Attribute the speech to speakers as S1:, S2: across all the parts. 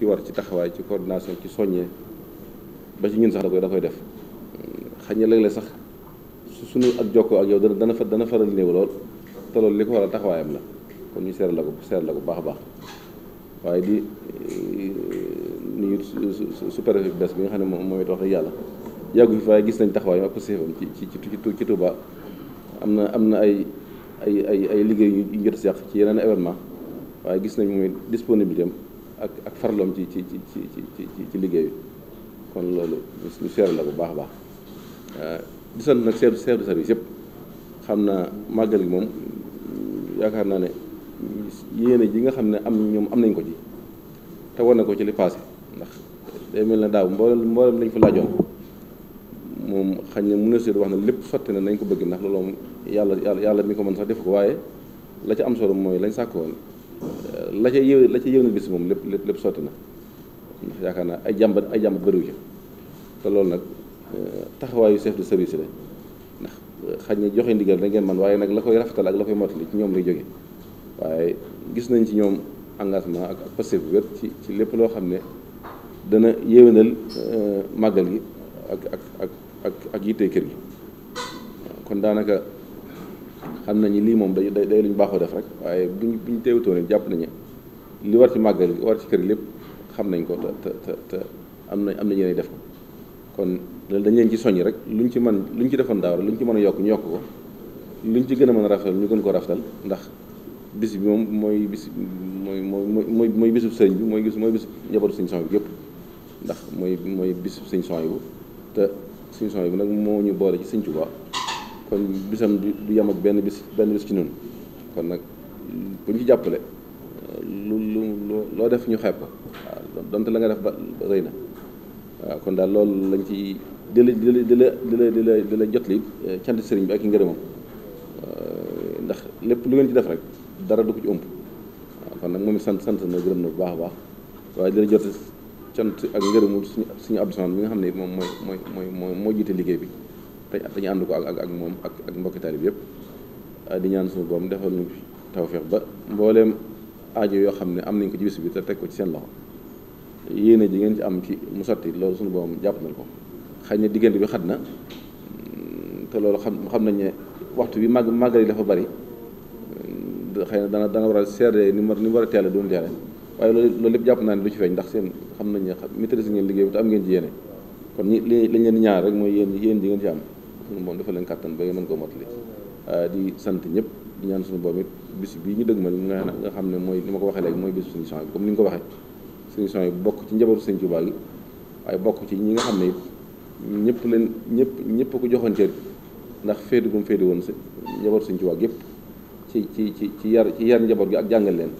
S1: ci war ci taxawaay ci coordination ci soññee ba ci ñun sax da koy da koy def xañ na léeg-léeg sax su suñu ak jokkoo ak yow dana dana fa dana faral néew lool te loolu war a taxawaayam la kon ñu seeral la ko seeral la ko baax a baax waaye di nuyu sous-préfet bees bi nga xam ne moom mooy wax yàlla yàggu fi gis nañ taxawaayam ak ci ci ci ci Touba na am na ay ay ay ay liggéey yu jot yàq ci yeneen événement waaye gis nañ mooy disponibilité am ak ak farloom ci ci ci ci ci ci liggéey kon loolu lu seer la bu baax a baax euh, di sant nag chef chef de service yëpp xam naa màggal gi moom yaakaar naa ne yéene ji nga xam ne am ñoom am nañ ko ji te war na ko ci li passé ndax day mel ne daaw mboolem mboolem lañ fa laajoon moom xañ ne ministre wax na lépp sotti na nañ ko bëgg ndax loolu moom yàlla yàlla yàlla mi ko mën sax def ko waaye la ca am solo mooy lañ sàkk woon la ca yéw la ca yéw bis moom lépp lépp lépp sotti na ndax yaakaar naa ay jàmbat ay jàmbat bëriwu ca te loolu nag euh, taxawaayu chef de service la ndax euh, xaj na joxe ndigal da ngeen man waaye nag la koy rafetal ak la koy mottali ci ñoom lay jóge waaye gis nañ ci ñoom engagement ak ak passé bu wér ci ci lépp loo xam ne dana yéwénal euh, màggal gi ak ak ak ak kër gi kon daanaka xam nañ lii moom day day luñ baaxoo def rek waaye buñ buñ teewutoo ne jàpp nañu li war ci màggal war ci kër lépp xam nañ ko te te te am na am na ñeneen def ko kon loolu dañ leen ci rek luñ ci mën luñ ci defoon daaw rek luñ ci mën a yokk ñu yokk ko ci gën a mën a rafetal ñu gën ko rafetal ndax bis bi moom mooy bis mooy mooy mooy bisub sëriñ bi mooy gis mooy bisub njabootu sëñ son bi yëpp ndax mooy mooy bisub sëñ son bu te sëñ son bi nag moo ñu boole ci sëñ Tuubaa kon bisam du yem ak benn bis benn bis ci noonu kon nag bu ñu ci jàppale lu lu loo def ñu xeeb ko waaw donte la nga def ba rëy na waaw kon daal loolu lañ ci di la di la di la di la di la jot li eh, cant sëriñ bi ak i ngërëmam eh, ndax lépp lu ngeen ci def rek dara du ko ci ëmb waaw kon nag moom it sant sant na gërëm na bu baax a baax waaye di la jot cant ak ngërëmul suñu suñu abdousaman bi nga xam ne moom mooy mooy mooy moo jiite liggéey bi te ñu ànd ko ak ak moom ak ak mbokki taalib yëpp ah, di ñaan suñu boom defal ñu feex ba mbooleem aajo yoo xam ne am nañ ko ci bis bi te teg ko ci seen loxo yéene ji ngeen ci am ci mu sotti loolu suñu boom jàpp nal ko xëy na diggante bi xat na mm, te loolu xam xam nañ ne waxtu bi màgg màggal yi dafa bari mm, xëy na dana dana war a seede ni mu ni mu war a teele doon teele waaye loolu loolu lépp jàpp naa ne du ci feeñ ndax seen xam nañ ne maîtrise ngeen liggéey bi te am ngeen ci yéene kon ñi li leen ñaar rek mooy yéen yéen ji ngeen ci suñu boom dafa leen kàttan ba nga mën ko mottali euh, di sant ñëpp di ñaan suñu boom it bis bii ñu ma dëgmal nga nga xam ne mooy li ma ko waxee léegi mooy bis suñu son bi comme ni nga ko waxee suñu son yi bokk ci njabootu Sëñ Tuubaa gi bokk ci ñi nga xam ne it ñëpp leen ñëpp ñëpp ko joxoon cër ndax féete gum féete woon sa njabootu Sëñ Tuubaa yëpp ci ci ci ci yar ci yar njaboot gi ak jàngal leen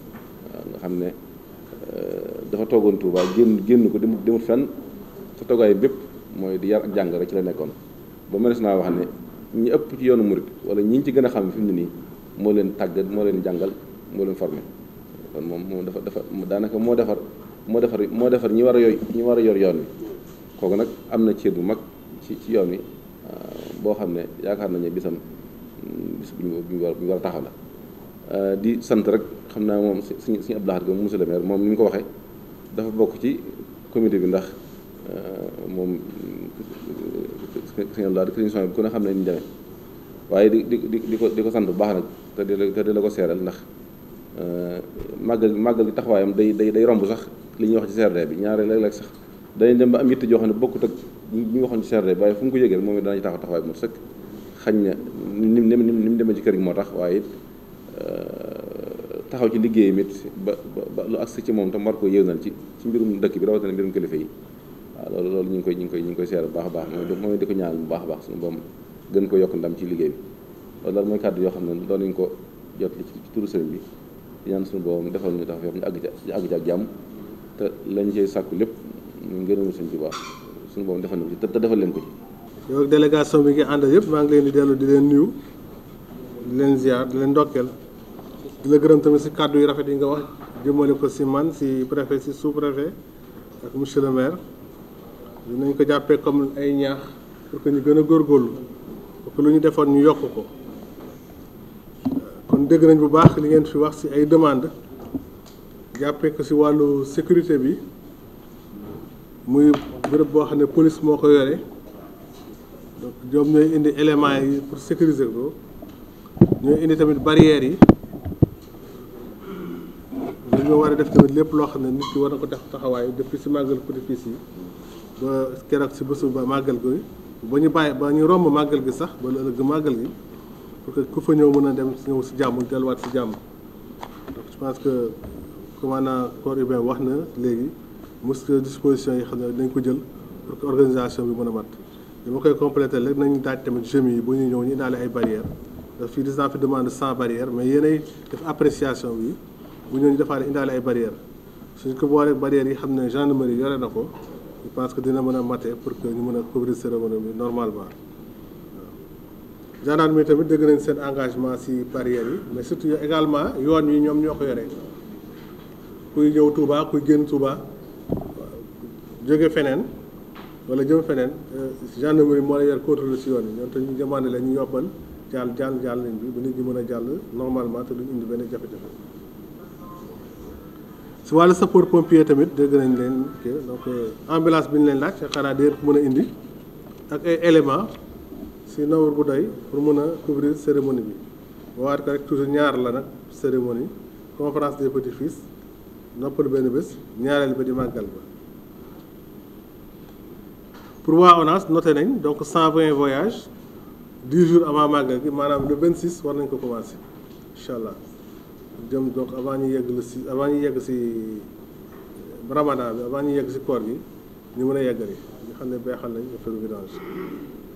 S1: nga xam ne euh, dafa toogoon Tuubaa génn génn ko demut demut fenn sa toogaay bépp mooy di yar ak jàng rek ci la nekkoon ba mënees naa wax ne ñi ëpp ci yoonu murit wala ñii ci gën a xam fi mu ne nii moo leen tàggat moo leen jàngal moo leen formé kon moom moom dafa dafa daanaka moo defar moo defar moo defar ñi war a yor ñi war a yor yoon wi kooku nag am na cër bu mag ci ci yoon wi ah, boo xam ne yaakaar nañu bisam mm, bis bu ñu bu ñu war bu ñu a taxaw la ah, di sant rek xam naa moom suñu suñu Abdou Lahad Ka monsieur le maire moom ni mu ko waxee dafa bokk ci comité bi ndax Euh, moom euh, sëñ Abdoulaye Kër Yusuf ku ne xam ne ni demee waaye di di di ko di ko sant bu baax nag te di la te di la ko seeral ndax euh, màggal màggal gi taxawaayam day day day romb sax li ñuy wax ci CRD bi ñaare léeg-léeg sax dañuy dem ba am yitte joo xam ne bokkut ak ñi ñu waxoon ci CRD bi waaye fu mu ko yëgee moom it danañ taxaw taxawaay moo sëkk xañ na ni mu ni mu demee ci kër gi moo tax waaye it taxaw ci liggéeyam it ba ba lu agsi ci moom tam war koo yéwnal ci ci mbirum dëkk bi rawatina mbirum kilifa yi. waaw loolu loolu ñu ngi koy ñu ngi koy ñu ngi koy seer bu baax a baax mooy mooy di ko ñaanal bu baax a baax suñu boom gën ko yokk ndam ci liggéey bi loolu daal mooy kàddu yoo xam ne doon nañu ko jot li ci turu sëriñ bi di ñaan suñu boom defal ñu tax yopp ñu àgg ci àgg ci ak jàmm te lañ cey sàkku lépp ñu ngërëmu suñ ci baax suñu boom defal ñu te defal leen ko ci
S2: yow délégation bi nga ànd yëpp maa ngi leen di dellu di leen nuyu di leen ziar di leen ndokkeel di la gërëm tamit si kàddu yu rafet yi nga wax jëmale ko si man si préfet si sous préfet ak monsieur le maire dinañ ko jàppee comme ay ñaax pour que ñu gën a góor góorlu que lu ñu defoon ñu yokk ko kon dégg nañ bu baax li ngeen fi wax ci ay demande jàppee ko ci wàllu sécurité bi muy bërëb boo xam ne police moo ko yore donc ñoom ñooy indi éléments yi pour sécuriser ko ñooy indi tamit barrières yi ñoo war def tamit lépp loo xam ne nit ki war na ko def taxawaay depuis ci màggal petit fils yi ba keroog si bésu ba màggal gi ba ñu bàyyi ba ñu romb màggal gi sax ba ëllëg màggal gi pour que ku fa ñëw mën a dem ñëw si jàmm waat si jàmm pense que commandant corps urbain wax na léegi mos disposition yi xam ne dañ ko jël pour bi mën a mat dama koy complété rek nañ daaj tamit jeunes yi bu ñu ñëw ñu daale ay barrières daf fii dinaa fi demande sans barrière mais yéenay def appréciation bi bu ñëw ñu defaale indaale ay barrières suñ ko boolee barrières yi xam ne gendarmerie yore na ko parce que dina mën a mate pour que ñu mën a couvrir cérémonie bi normalement waaw. gendarmerie tamit dégg nañ seen engagement si barrières yi mais surtout également yoon yi ñoom ñoo ko yore kuy ñëw Touba kuy génn Touba jóge feneen walla jëm feneen euh, gendarmerie moo la yor contrôle si yoon yi ñoom te ñu demandé la ñu yobbal jàll jàll jàll bi ba nit ñi mën a jàll normalement te lu indi benn jafe-jafe. si wàllu sapeur pompier tamit dégg nañ leen donc euh, ambulance bi ñu leen laaj xanaa di ko mën a indi ak ay éléments si nombre bu doy pour mën a couvrir cérémonie bi waat ko rek toujours ñaar la nag cérémonie conférence des petits fils noppalu benn bés ñaareel ba di màggal ba pour waa ONAS note nañ donc 120 voyages 10 jours avant màggal gi maanaam le 26 war nañ ko commencé incha allah. jëm donc avant ñu yegg la si avant ñu yegg si euh, ramadan bi avant ñu yegg si koor gi ñu mën a yeggale ñu xam ne beexal nañ affaire vidange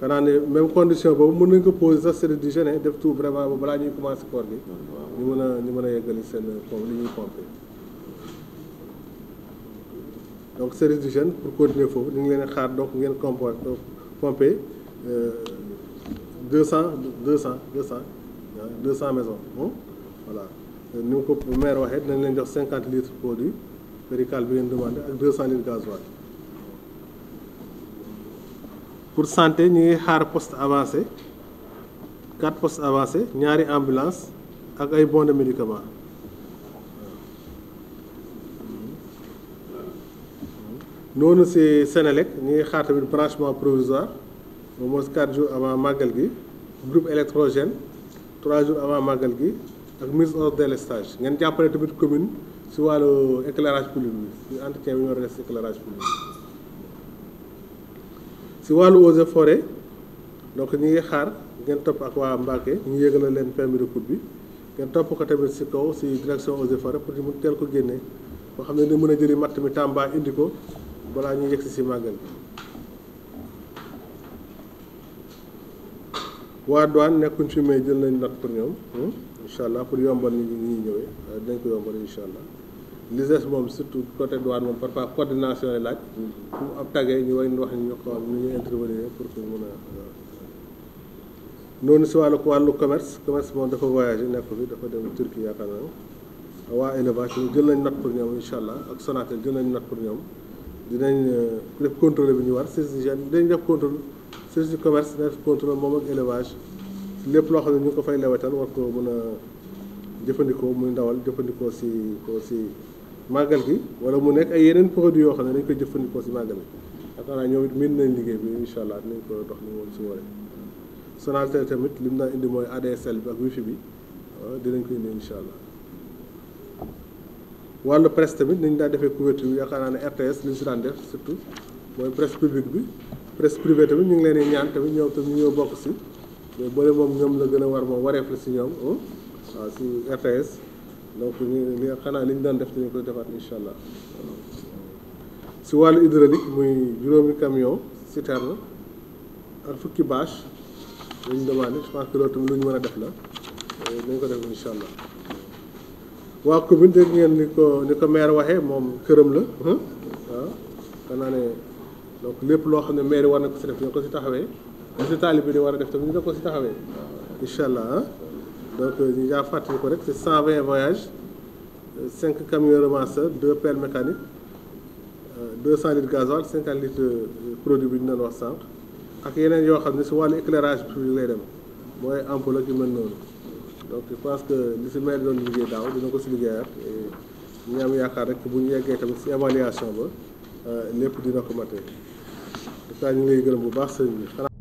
S2: xanaa ne même condition boobu mën nañ ko poser sax c'est du jeûne def tout vraiment ba balaa ñuy commencé koor gi ñu mën a ñu mën a yeggali seen euh, pompe li ñuy pompé donc service du jeune pour continuer foofu ñu ngi leen xaar donc ngeen compo pompé euh, deux cent deux cent deux cent deux cent maisons voilà ni ko maire waxee dinañ leen jox cinquante litres produit pérical bi leen demandé ak deux cent litres gasoil pour santé ñu ngi xaar poste avancé quatre postes avancés ñaari ambulance ak ay bons médicament noonu si Sénélec ñu ngi xaar tamit branchement provisoire au moins quatre jours avant màggal gi groupe électrogène trois jours avant màggal gi ak mise hors délestage ngeen jàppale tamit commune si wàllu éclairage public bi si entretien bi ñoo war a def si éclairage wàllu eaux et forêt donc ñu ngi xaar ngeen topp ak waa Mbacke ñu yëgala leen permis de coupe bi ngeen topp ko tamit si kaw si direction eaux et forêt pour ñu mun teel ko génne boo xam ne ni mën a jëri matt mi Tamba indi ko balaa ñuy yegsi si màgget bi waa douane nekkuñ fi may jël nañ note pour ñoom hmm? incha allah pour yombal ni ñuy ñëwee dinañ ko yombal incha allah li moom surtout côté douane moom parfois coordination yi laaj. fu mu ab tàggee ñu war wax ñu xool ñu ñuy pour que mun a. noonu si wàllu wàllu commerce commerce moom dafa voyagé nekk fi dafa dem Turquie yaakaar naa waa élevage jël nañ note pour ñoom incha allah ak Sonatel jël nañ note pour ñoom dinañ euh, def contrôle bi ñu war service d'hygiène dinañ def contrôle service du def contrôle moom lépp loo xam ñu ko fay lewetal war ko mën a jëfandikoo muy ndawal jëfandikoo si ko si màggal gi wala mu nekk ay yeneen produit yoo xam ne dañ koy jëfandikoo si màggal gi yaakaar naa ñoom it miin nañ liggéey bi incha allah dinañ ko dox ni moom su waree Sonatel tamit li mu daan indi mooy ADSL bi ak wifi bi dinañ ko indi incha allah wàllu presse tamit nañ daan defee couverture bi yaakaar naa ne RTS li ñu si daan def surtout mooy presse publique bi presse privée tamit ñu ngi leen di ñaan tamit ñoom tamit ñu ñëw bokk si mais bëri moom ñoom la gën a war moom wareef la si ñoom hmm? waaw si RTS donc li xanaa li ñu daan def dañu koy defaat incha allah si wàllu hydraulique muy juróomi camion citerne ak fukki bâche la ñu demandé loolu tamit lu ñu mën a def la dañ ko def incha allah waa commune dégg ngeen ko ni ko maire waxee moom këram la hmm? waaw xanaa ne donc lépp loo xam ne maire war na ko si def ñoo ko si taxawee ba si taalib bi di war a def tamit ñu def ko si taxawee incha allah ah. donc euh, ñu ngaa fàtte ko rek c'est cent vingt voyages euh, cinq camions ramasseurs deux pelles mécaniques euh, deux cent litres gasoil cinquante bi ñu doon wax sànq ak yeneen yoo xam ne si wàllu éclairage public lay dem mooy ampoule ak yu mel noonu donc parce que li si maire doon liggéey daaw dina ko si liggéeyaat ñu am yaakaar rek bu ñu yeggee tamit si évaluation ba lépp dina ko matee en tout cas ñu bu baax sëñ bi